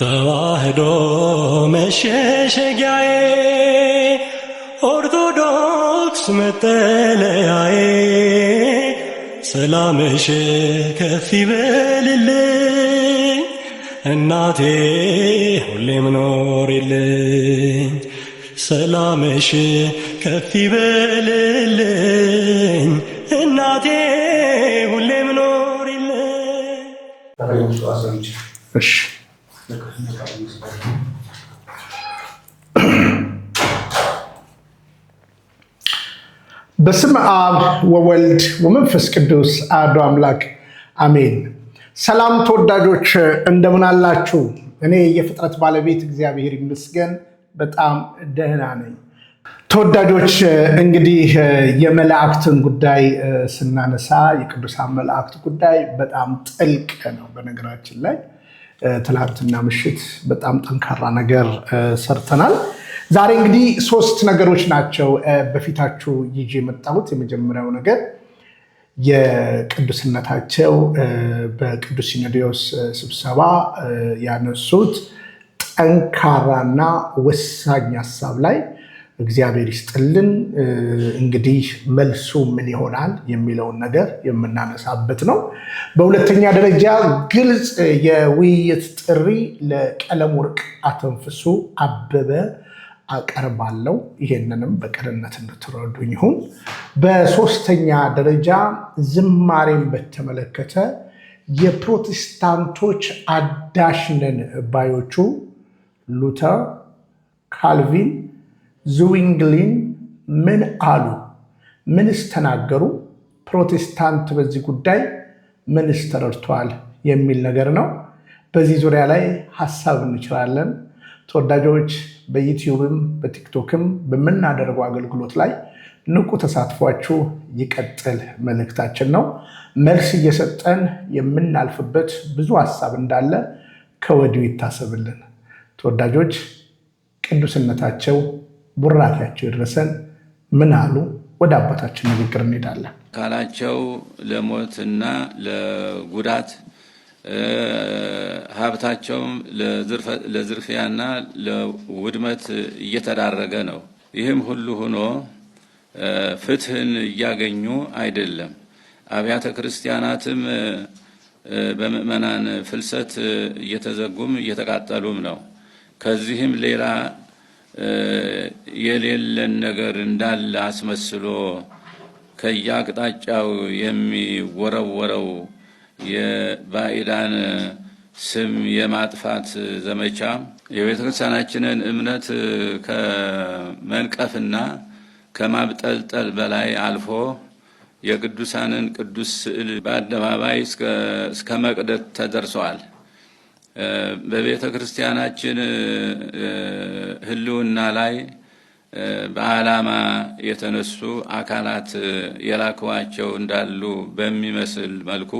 ተዋህዶ መሸሸጊያዬ ኦርቶዶክስ መጠለያዬ ሰላምሽ ከፍ ይበልልኝ እናቴ ሁሌም ኖሪልኝ ሰላምሽ ከፍ ይበልልኝ እናቴ ሁሌ ኖሪልኝ። እሺ በስም አብ ወወልድ ወመንፈስ ቅዱስ አሐዱ አምላክ አሜን። ሰላም ተወዳጆች እንደምን አላችሁ? እኔ የፍጥረት ባለቤት እግዚአብሔር ይመስገን በጣም ደህና ነኝ። ተወዳጆች እንግዲህ የመላእክትን ጉዳይ ስናነሳ የቅዱሳን መላእክት ጉዳይ በጣም ጥልቅ ነው። በነገራችን ላይ ትላንትና ምሽት በጣም ጠንካራ ነገር ሰርተናል። ዛሬ እንግዲህ ሶስት ነገሮች ናቸው በፊታችሁ ይዤ የመጣሁት። የመጀመሪያው ነገር የቅዱስነታቸው በቅዱስ ሲኖዶስ ስብሰባ ያነሱት ጠንካራና ወሳኝ ሀሳብ ላይ እግዚአብሔር ይስጥልን። እንግዲህ መልሱ ምን ይሆናል የሚለውን ነገር የምናነሳበት ነው። በሁለተኛ ደረጃ ግልጽ የውይይት ጥሪ ለቀለም ወርቅ አተንፍሱ አበበ አቀርባለሁ። ይሄንንም በቅንነት እንድትረዱኝ ይሁን። በሶስተኛ ደረጃ ዝማሬን በተመለከተ የፕሮቴስታንቶች አዳሽነን ባዮቹ ሉተር፣ ካልቪን ዝዊንግሊን ምን አሉ? ምንስ ተናገሩ? ፕሮቴስታንት በዚህ ጉዳይ ምንስ ተረድቷል? የሚል ነገር ነው። በዚህ ዙሪያ ላይ ሀሳብ እንችላለን። ተወዳጆች በዩትዩብም በቲክቶክም በምናደርገው አገልግሎት ላይ ንቁ ተሳትፏችሁ ይቀጥል መልእክታችን ነው። መልስ እየሰጠን የምናልፍበት ብዙ ሀሳብ እንዳለ ከወዲሁ ይታሰብልን። ተወዳጆች ቅዱስነታቸው ቡራፊያቸው ይድረሰን ምን አሉ? ወደ አባታችን ንግግር እንሄዳለን። ካላቸው ለሞትና ለጉዳት ሀብታቸውም ለዝርፊያና ለውድመት እየተዳረገ ነው። ይህም ሁሉ ሆኖ ፍትህን እያገኙ አይደለም። አብያተ ክርስቲያናትም በምእመናን ፍልሰት እየተዘጉም እየተቃጠሉም ነው። ከዚህም ሌላ የሌለን ነገር እንዳለ አስመስሎ ከየአቅጣጫው የሚወረወረው የባዕዳን ስም የማጥፋት ዘመቻ የቤተ ክርስቲያናችንን እምነት ከመንቀፍና ከማብጠልጠል በላይ አልፎ የቅዱሳንን ቅዱስ ስዕል በአደባባይ እስከ መቅደት ተደርሰዋል። በቤተ ክርስቲያናችን ሕልውና ላይ በዓላማ የተነሱ አካላት የላክዋቸው እንዳሉ በሚመስል መልኩ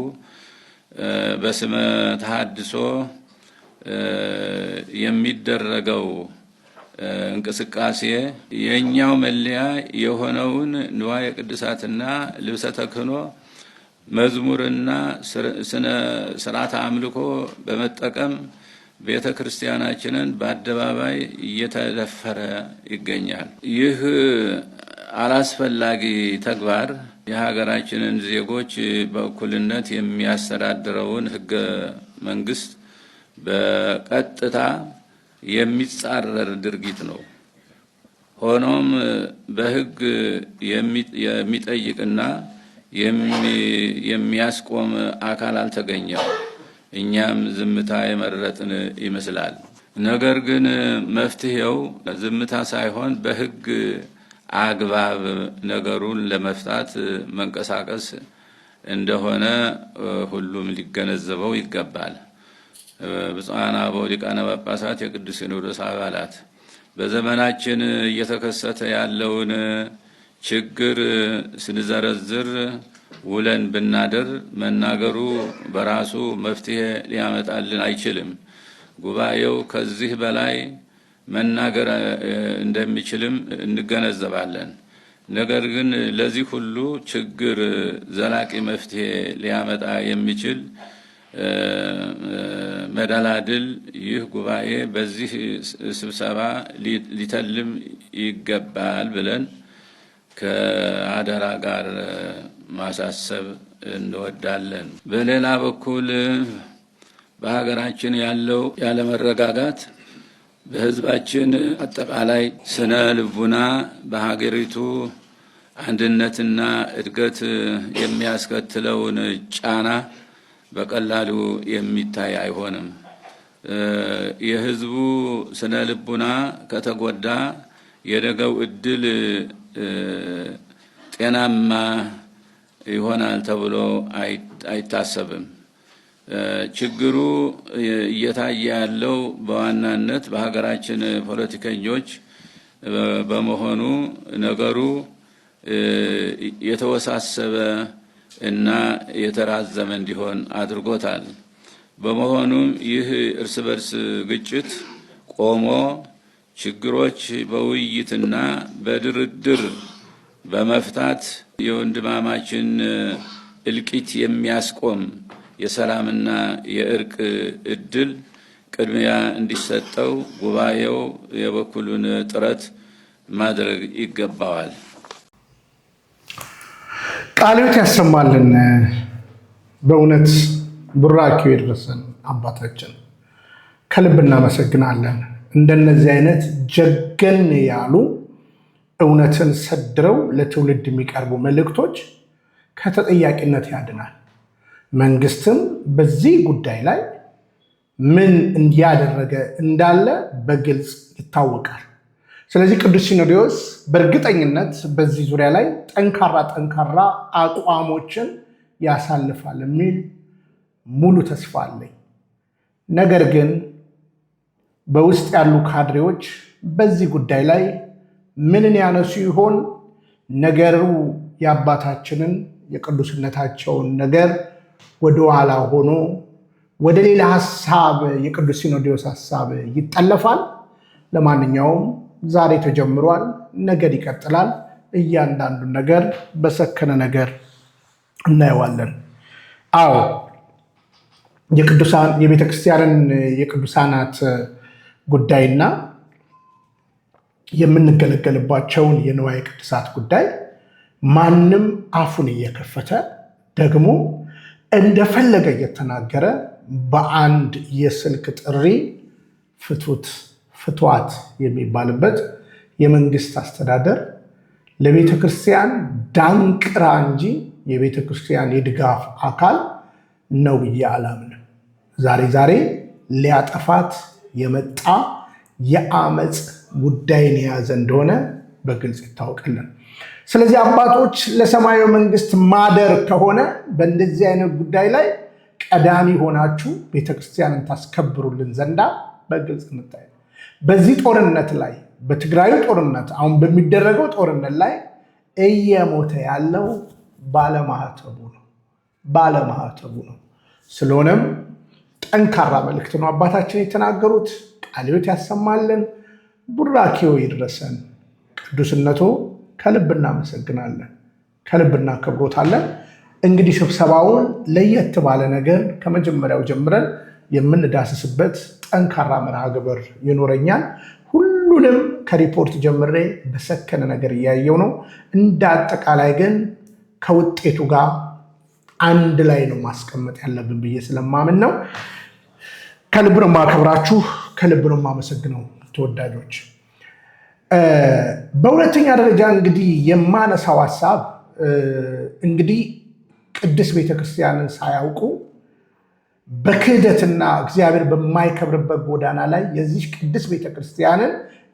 በስመ ተሐድሶ የሚደረገው እንቅስቃሴ የእኛው መለያ የሆነውን ንዋየ ቅድሳትና ልብሰ ተክህኖ መዝሙርና ስርዓት አምልኮ በመጠቀም ቤተ ክርስቲያናችንን በአደባባይ እየተደፈረ ይገኛል። ይህ አላስፈላጊ ተግባር የሀገራችንን ዜጎች በእኩልነት የሚያስተዳድረውን ህገ መንግስት በቀጥታ የሚጻረር ድርጊት ነው። ሆኖም በህግ የሚጠይቅና የሚያስቆም አካል አልተገኘም። እኛም ዝምታ የመረጥን ይመስላል። ነገር ግን መፍትሄው ዝምታ ሳይሆን በሕግ አግባብ ነገሩን ለመፍታት መንቀሳቀስ እንደሆነ ሁሉም ሊገነዘበው ይገባል። ብፁዓን አበው ሊቃነ ጳጳሳት፣ የቅዱስ ሲኖዶስ አባላት በዘመናችን እየተከሰተ ያለውን ችግር ስንዘረዝር ውለን ብናደር መናገሩ በራሱ መፍትሄ ሊያመጣልን አይችልም። ጉባኤው ከዚህ በላይ መናገር እንደሚችልም እንገነዘባለን። ነገር ግን ለዚህ ሁሉ ችግር ዘላቂ መፍትሄ ሊያመጣ የሚችል መደላድል ይህ ጉባኤ በዚህ ስብሰባ ሊተልም ይገባል ብለን ከአደራ ጋር ማሳሰብ እንወዳለን። በሌላ በኩል በሀገራችን ያለው ያለመረጋጋት በህዝባችን አጠቃላይ ስነ ልቡና በሀገሪቱ አንድነትና እድገት የሚያስከትለውን ጫና በቀላሉ የሚታይ አይሆንም። የህዝቡ ስነ ልቡና ከተጎዳ የነገው እድል ጤናማ ይሆናል ተብሎ አይታሰብም። ችግሩ እየታየ ያለው በዋናነት በሀገራችን ፖለቲከኞች በመሆኑ ነገሩ የተወሳሰበ እና የተራዘመ እንዲሆን አድርጎታል። በመሆኑም ይህ እርስ በርስ ግጭት ቆሞ ችግሮች በውይይትና በድርድር በመፍታት የወንድማማችን እልቂት የሚያስቆም የሰላምና የእርቅ እድል ቅድሚያ እንዲሰጠው ጉባኤው የበኩሉን ጥረት ማድረግ ይገባዋል። ቃልዎት ያሰማልን። በእውነት ቡራኪው የደረሰን አባታችን ከልብ እናመሰግናለን። እንደነዚህ አይነት ጀገን ያሉ እውነትን ሰድረው ለትውልድ የሚቀርቡ መልእክቶች ከተጠያቂነት ያድናል። መንግስትም በዚህ ጉዳይ ላይ ምን እያደረገ እንዳለ በግልጽ ይታወቃል። ስለዚህ ቅዱስ ሲኖዶስ በእርግጠኝነት በዚህ ዙሪያ ላይ ጠንካራ ጠንካራ አቋሞችን ያሳልፋል የሚል ሙሉ ተስፋ አለኝ። ነገር ግን በውስጥ ያሉ ካድሬዎች በዚህ ጉዳይ ላይ ምንን ያነሱ ይሆን? ነገሩ የአባታችንን የቅዱስነታቸውን ነገር ወደኋላ ሆኖ ወደ ሌላ ሀሳብ የቅዱስ ሲኖዲዮስ ሀሳብ ይጠለፋል። ለማንኛውም ዛሬ ተጀምሯል፣ ነገር ይቀጥላል። እያንዳንዱን ነገር በሰከነ ነገር እናየዋለን። አዎ የቅዱሳን የቤተክርስቲያንን የቅዱሳናት ጉዳይና የምንገለገልባቸውን የንዋየ ቅድሳት ጉዳይ ማንም አፉን እየከፈተ ደግሞ እንደፈለገ እየተናገረ በአንድ የስልክ ጥሪ ፍቱት ፍትዋት የሚባልበት የመንግስት አስተዳደር ለቤተ ክርስቲያን ዳንቅራ እንጂ የቤተ ክርስቲያን የድጋፍ አካል ነው ብዬ አላምንም። ዛሬ ዛሬ ሊያጠፋት የመጣ የአመፅ ጉዳይን የያዘ እንደሆነ በግልጽ ይታወቃለን። ስለዚህ አባቶች ለሰማያዊ መንግስት ማደር ከሆነ በእንደዚህ አይነት ጉዳይ ላይ ቀዳሚ ሆናችሁ ቤተክርስቲያንን ታስከብሩልን ዘንዳ በግልጽ እንታይ በዚህ ጦርነት ላይ በትግራዩ ጦርነት አሁን በሚደረገው ጦርነት ላይ እየሞተ ያለው ባለማህተቡ ነው፣ ባለማህተቡ ነው። ስለሆነም ጠንካራ መልእክት ነው አባታችን የተናገሩት። ቃለ ያሰማለን ያሰማልን፣ ቡራኬው ይድረሰን። ቅዱስነቱ ከልብ እናመሰግናለን፣ ከልብ እናከብሮታለን። እንግዲህ ስብሰባውን ለየት ባለ ነገር ከመጀመሪያው ጀምረን የምንዳስስበት ጠንካራ መርሃ ግብር ይኖረኛል። ሁሉንም ከሪፖርት ጀምሬ በሰከነ ነገር እያየው ነው። እንደ አጠቃላይ ግን ከውጤቱ ጋር አንድ ላይ ነው ማስቀመጥ ያለብን ብዬ ስለማምን ነው። ከልብ ነው ማከብራችሁ፣ ከልብ ነው ማመሰግነው ተወዳጆች። በሁለተኛ ደረጃ እንግዲህ የማነሳው ሀሳብ እንግዲህ ቅድስት ቤተክርስቲያንን ሳያውቁ በክህደትና እግዚአብሔር በማይከብርበት ጎዳና ላይ የዚህ ቅድስት ቤተክርስቲያንን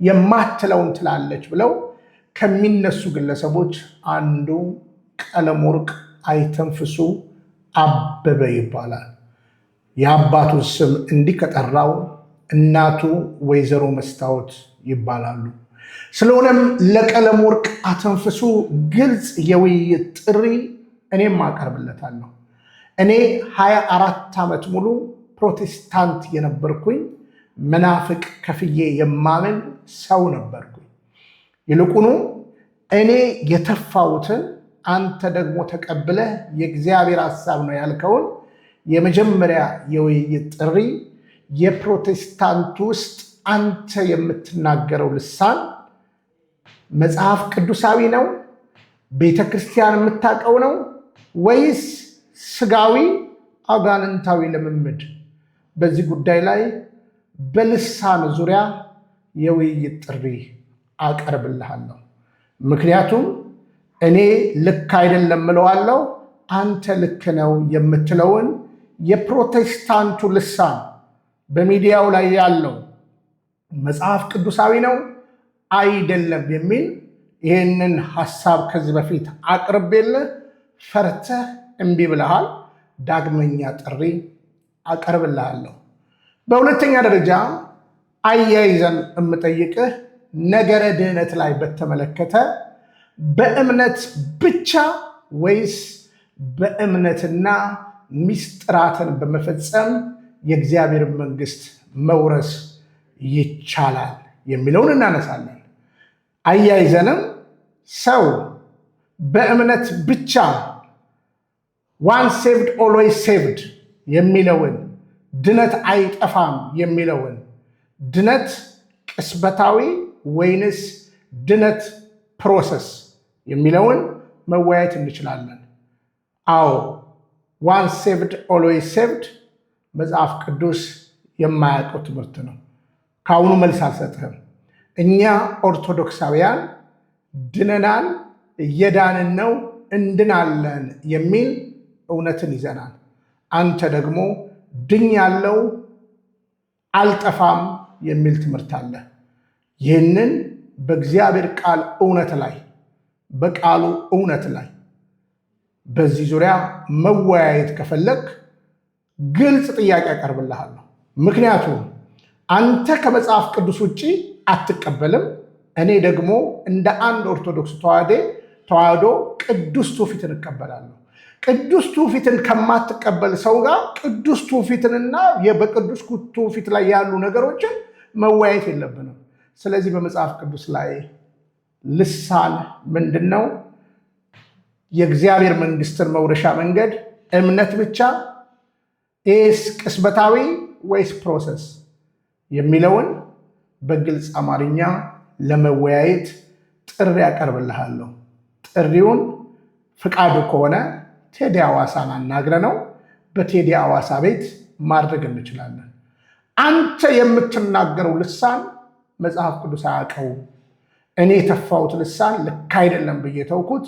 የማትለውን ትላለች ብለው ከሚነሱ ግለሰቦች አንዱ ቀለመወርቅ አይተንፍሱ አበበ ይባላል። የአባቱ ስም እንዲህ ከጠራው እናቱ ወይዘሮ መስታወት ይባላሉ። ስለሆነም ለቀለም ወርቅ አተንፍሱ ግልጽ የውይይት ጥሪ እኔም አቀርብለታለሁ። እኔ ሀያ አራት ዓመት ሙሉ ፕሮቴስታንት የነበርኩኝ መናፍቅ ከፍዬ የማምን ሰው ነበርኩኝ። ይልቁኑ እኔ የተፋሁትን አንተ ደግሞ ተቀብለህ የእግዚአብሔር ሀሳብ ነው ያልከውን የመጀመሪያ የውይይት ጥሪ የፕሮቴስታንት ውስጥ አንተ የምትናገረው ልሳን መጽሐፍ ቅዱሳዊ ነው፣ ቤተ ክርስቲያን የምታውቀው ነው ወይስ ስጋዊ አጋንንታዊ ልምምድ? በዚህ ጉዳይ ላይ በልሳን ዙሪያ የውይይት ጥሪ አቀርብልሃለሁ። ምክንያቱም እኔ ልክ አይደለም ምለዋለው! አንተ ልክ ነው የምትለውን የፕሮቴስታንቱ ልሳን በሚዲያው ላይ ያለው መጽሐፍ ቅዱሳዊ ነው አይደለም የሚል ይህንን ሐሳብ ከዚህ በፊት አቅርቤልህ ፈርተህ እምቢ ብለሃል። ዳግመኛ ጥሪ አቀርብልሃለሁ። በሁለተኛ ደረጃ አያይዘን የምጠይቅህ ነገረ ድህነት ላይ በተመለከተ በእምነት ብቻ ወይስ በእምነትና ሚስጥራትን በመፈጸም የእግዚአብሔር መንግስት መውረስ ይቻላል የሚለውን እናነሳለን። አያይዘንም ሰው በእምነት ብቻ ዋን ሴቭድ ኦልዌይስ ሴቭድ የሚለውን ድነት አይጠፋም የሚለውን ድነት ቅስበታዊ ወይንስ ድነት ፕሮሰስ የሚለውን መወያየት እንችላለን። አዎ ዋን ሴቭድ ኦልዌይስ ሴቭድ መጽሐፍ ቅዱስ የማያውቀው ትምህርት ነው። ከአሁኑ መልስ አልሰጥህም። እኛ ኦርቶዶክሳውያን ድነናል፣ እየዳንን ነው፣ እንድናለን የሚል እውነትን ይዘናል። አንተ ደግሞ ድኝ ያለው አልጠፋም የሚል ትምህርት አለ። ይህንን በእግዚአብሔር ቃል እውነት ላይ በቃሉ እውነት ላይ በዚህ ዙሪያ መወያየት ከፈለግ ግልጽ ጥያቄ አቀርብልሃለሁ። ምክንያቱም አንተ ከመጽሐፍ ቅዱስ ውጭ አትቀበልም፣ እኔ ደግሞ እንደ አንድ ኦርቶዶክስ ተዋህዴ ተዋህዶ ቅዱስ ትውፊትን እቀበላለሁ። ቅዱስ ትውፊትን ከማትቀበል ሰው ጋር ቅዱስ ትውፊትንና በቅዱስ ትውፊት ላይ ያሉ ነገሮችን መወያየት የለብንም። ስለዚህ በመጽሐፍ ቅዱስ ላይ ልሳን ምንድን ነው? የእግዚአብሔር መንግስትን መውረሻ መንገድ እምነት ብቻ ኤስ ቅስበታዊ ወይስ ፕሮሰስ የሚለውን በግልጽ አማርኛ ለመወያየት ጥሪ ያቀርብልሃለሁ። ጥሪውን ፍቃዱ ከሆነ ቴዲ አዋሳን አናግረ ነው በቴዲ አዋሳ ቤት ማድረግ እንችላለን። አንተ የምትናገረው ልሳን መጽሐፍ ቅዱስ አያውቀውም። እኔ የተፋሁት ልሳን ልክ አይደለም ብዬ ተውኩት፣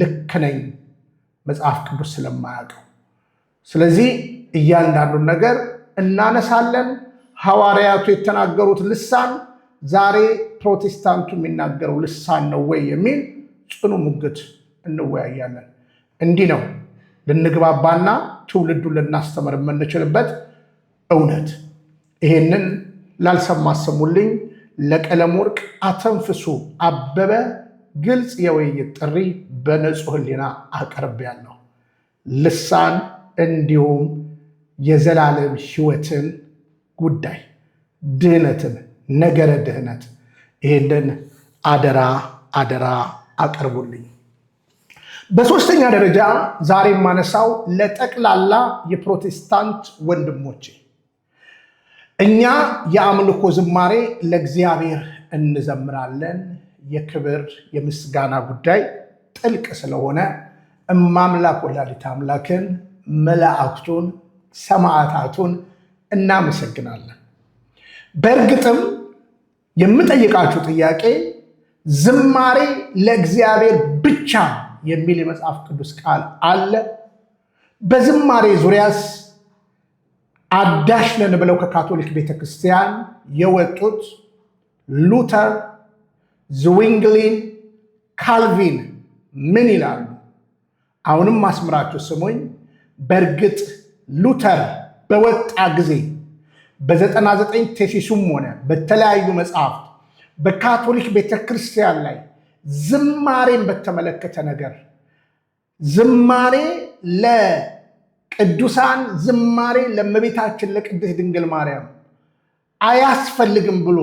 ልክ ነኝ መጽሐፍ ቅዱስ ስለማያውቀው። ስለዚህ እያንዳንዱን ነገር እናነሳለን። ሐዋርያቱ የተናገሩት ልሳን ዛሬ ፕሮቴስታንቱ የሚናገረው ልሳን ነው ወይ የሚል ጽኑ ሙግት እንወያያለን። እንዲህ ነው ልንግባባና ትውልዱን ልናስተምር የምንችልበት እውነት። ይሄንን ላልሰማ ሰሙልኝ። ለቀለም ወርቅ አተንፍሱ አበበ ግልጽ የውይይት ጥሪ በንጹህ ሕሊና አቀርቤያለሁ። ልሳን እንዲሁም የዘላለም ህይወትን ጉዳይ ድህነትን፣ ነገረ ድህነት ይህንን አደራ አደራ አቅርቡልኝ። በሶስተኛ ደረጃ ዛሬ የማነሳው ለጠቅላላ የፕሮቴስታንት ወንድሞቼ እኛ የአምልኮ ዝማሬ ለእግዚአብሔር እንዘምራለን። የክብር የምስጋና ጉዳይ ጥልቅ ስለሆነ እማምላክ ወላዲተ አምላክን መላእክቱን ሰማዕታቱን እናመሰግናለን። በእርግጥም የምጠይቃችሁ ጥያቄ ዝማሬ ለእግዚአብሔር ብቻ የሚል የመጽሐፍ ቅዱስ ቃል አለ? በዝማሬ ዙሪያስ አዳሽ ነን ብለው ከካቶሊክ ቤተክርስቲያን የወጡት ሉተር፣ ዝዊንግሊን፣ ካልቪን ምን ይላሉ? አሁንም አስምራችሁ ስሙኝ። በእርግጥ ሉተር በወጣ ጊዜ በ99 ቴሲሱም ሆነ በተለያዩ መጽሐፍት በካቶሊክ ቤተክርስቲያን ላይ ዝማሬን በተመለከተ ነገር ዝማሬ ለ ቅዱሳን ዝማሬ ለመቤታችን ለቅድስት ድንግል ማርያም አያስፈልግም ብሎ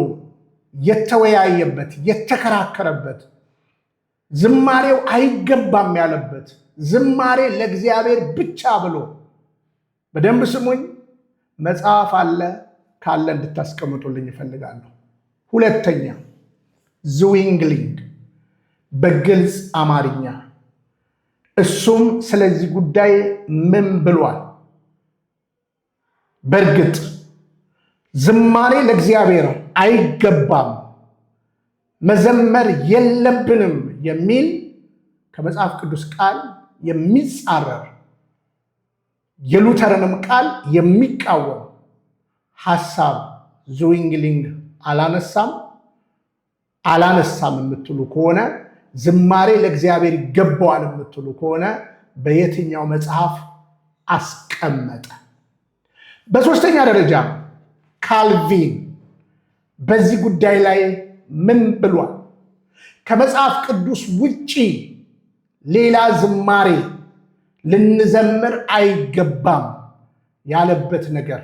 የተወያየበት የተከራከረበት ዝማሬው አይገባም ያለበት ዝማሬ ለእግዚአብሔር ብቻ ብሎ በደንብ ስሙኝ። መጽሐፍ አለ ካለ እንድታስቀምጡልኝ እፈልጋለሁ። ሁለተኛ ዝዊንግሊንግ በግልጽ አማርኛ እሱም ስለዚህ ጉዳይ ምን ብሏል? በእርግጥ ዝማሬ ለእግዚአብሔር አይገባም፣ መዘመር የለብንም የሚል ከመጽሐፍ ቅዱስ ቃል የሚጻረር የሉተርንም ቃል የሚቃወም ሐሳብ ዙዊንግሊንግ አላነሳም አላነሳም የምትሉ ከሆነ ዝማሬ ለእግዚአብሔር ይገባዋል የምትሉ ከሆነ በየትኛው መጽሐፍ አስቀመጠ? በሶስተኛ ደረጃ ካልቪን በዚህ ጉዳይ ላይ ምን ብሏል? ከመጽሐፍ ቅዱስ ውጪ ሌላ ዝማሬ ልንዘምር አይገባም ያለበት ነገር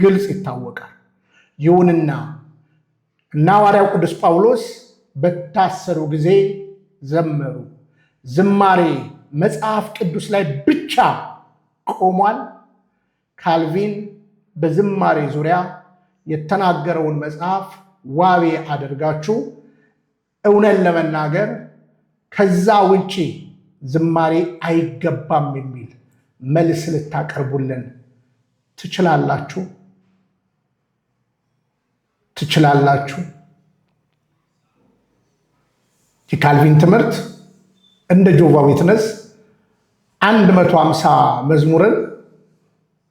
ግልጽ ይታወቃል። ይሁንና እና ሐዋርያው ቅዱስ ጳውሎስ በታሰሩ ጊዜ ዘመሩ። ዝማሬ መጽሐፍ ቅዱስ ላይ ብቻ ቆሟል። ካልቪን በዝማሬ ዙሪያ የተናገረውን መጽሐፍ ዋቤ አድርጋችሁ እውነት ለመናገር ከዛ ውጪ ዝማሬ አይገባም የሚል መልስ ልታቀርቡልን ትችላላችሁ ትችላላችሁ። የካልቪን ትምህርት እንደ ጆቫ ዊትነስ 150 መዝሙርን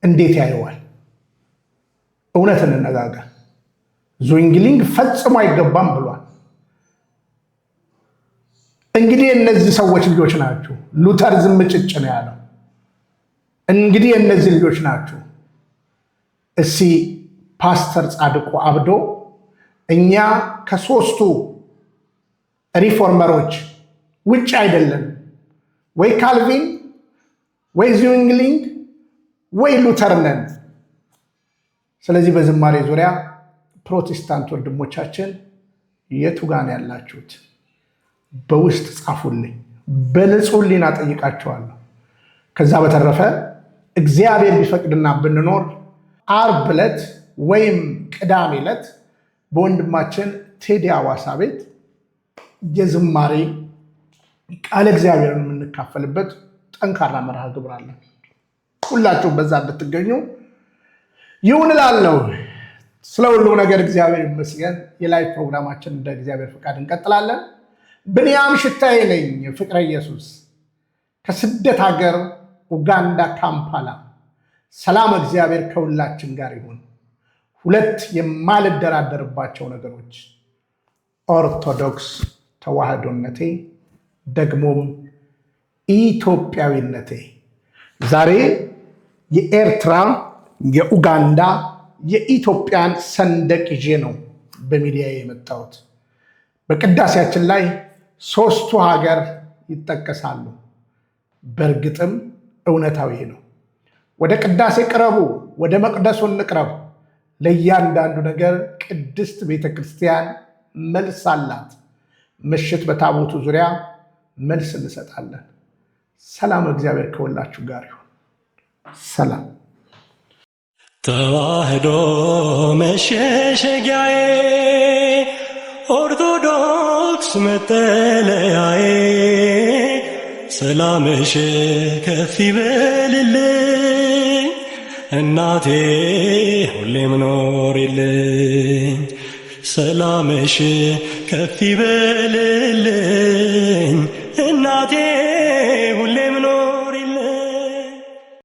እንዴት ያየዋል? እውነት እንነጋገር። ዙንግሊንግ ፈጽሞ አይገባም ብሏል። እንግዲህ የእነዚህ ሰዎች ልጆች ናችሁ። ሉተር ዝምጭጭ ነው ያለው። እንግዲህ የእነዚህ ልጆች ናችሁ። እስኪ ፓስተር ጻድቁ አብዶ እኛ ከሶስቱ ሪፎርመሮች ውጭ አይደለም ወይ ካልቪን ወይ ዚንግሊንግ ወይ ሉተርነን። ስለዚህ በዝማሬ ዙሪያ ፕሮቴስታንት ወንድሞቻችን ጋን ያላችሁት በውስጥ ጻፉልኝ፣ በንጹህ ሕሊና ከዛ በተረፈ እግዚአብሔር ቢፈቅድና ብንኖር አርብ ዕለት ወይም ቅዳሜ ዕለት በወንድማችን ቴዲ አዋሳ ቤት የዝማሬ ቃለ እግዚአብሔርን የምንካፈልበት ጠንካራ መርሃ ግብር አለ። ሁላችሁም በዛ ብትገኙ ይሁን እላለሁ። ስለ ሁሉ ነገር እግዚአብሔር ይመስገን። የላይ ፕሮግራማችን እንደ እግዚአብሔር ፈቃድ እንቀጥላለን። ብንያም ሽታዬ ነኝ። ፍቅረ ኢየሱስ ከስደት ሀገር ኡጋንዳ ካምፓላ። ሰላም እግዚአብሔር ከሁላችን ጋር ይሁን። ሁለት የማልደራደርባቸው ነገሮች ኦርቶዶክስ ተዋህዶነቴ ደግሞም ኢትዮጵያዊነቴ ዛሬ የኤርትራ፣ የኡጋንዳ፣ የኢትዮጵያን ሰንደቅ ይዤ ነው በሚዲያ የመጣሁት። በቅዳሴያችን ላይ ሶስቱ ሀገር ይጠቀሳሉ። በእርግጥም እውነታዊ ነው። ወደ ቅዳሴ ቅረቡ፣ ወደ መቅደሱ እንቅረብ። ለእያንዳንዱ ነገር ቅድስት ቤተ ክርስቲያን መልስ አላት። ምሽት በታቦቱ ዙሪያ መልስ እንሰጣለን። ሰላም፣ እግዚአብሔር ከሁላችሁ ጋር ይሁን። ሰላም። ተዋህዶ መሸሸጊያዬ፣ ኦርቶዶክስ መጠለያዬ፣ ሰላምሽ ከፍ ይበልልኝ እናቴ ሁሌ ምኖርልኝ ሰላምሽ ከፍ ይበልልኝ እናቴ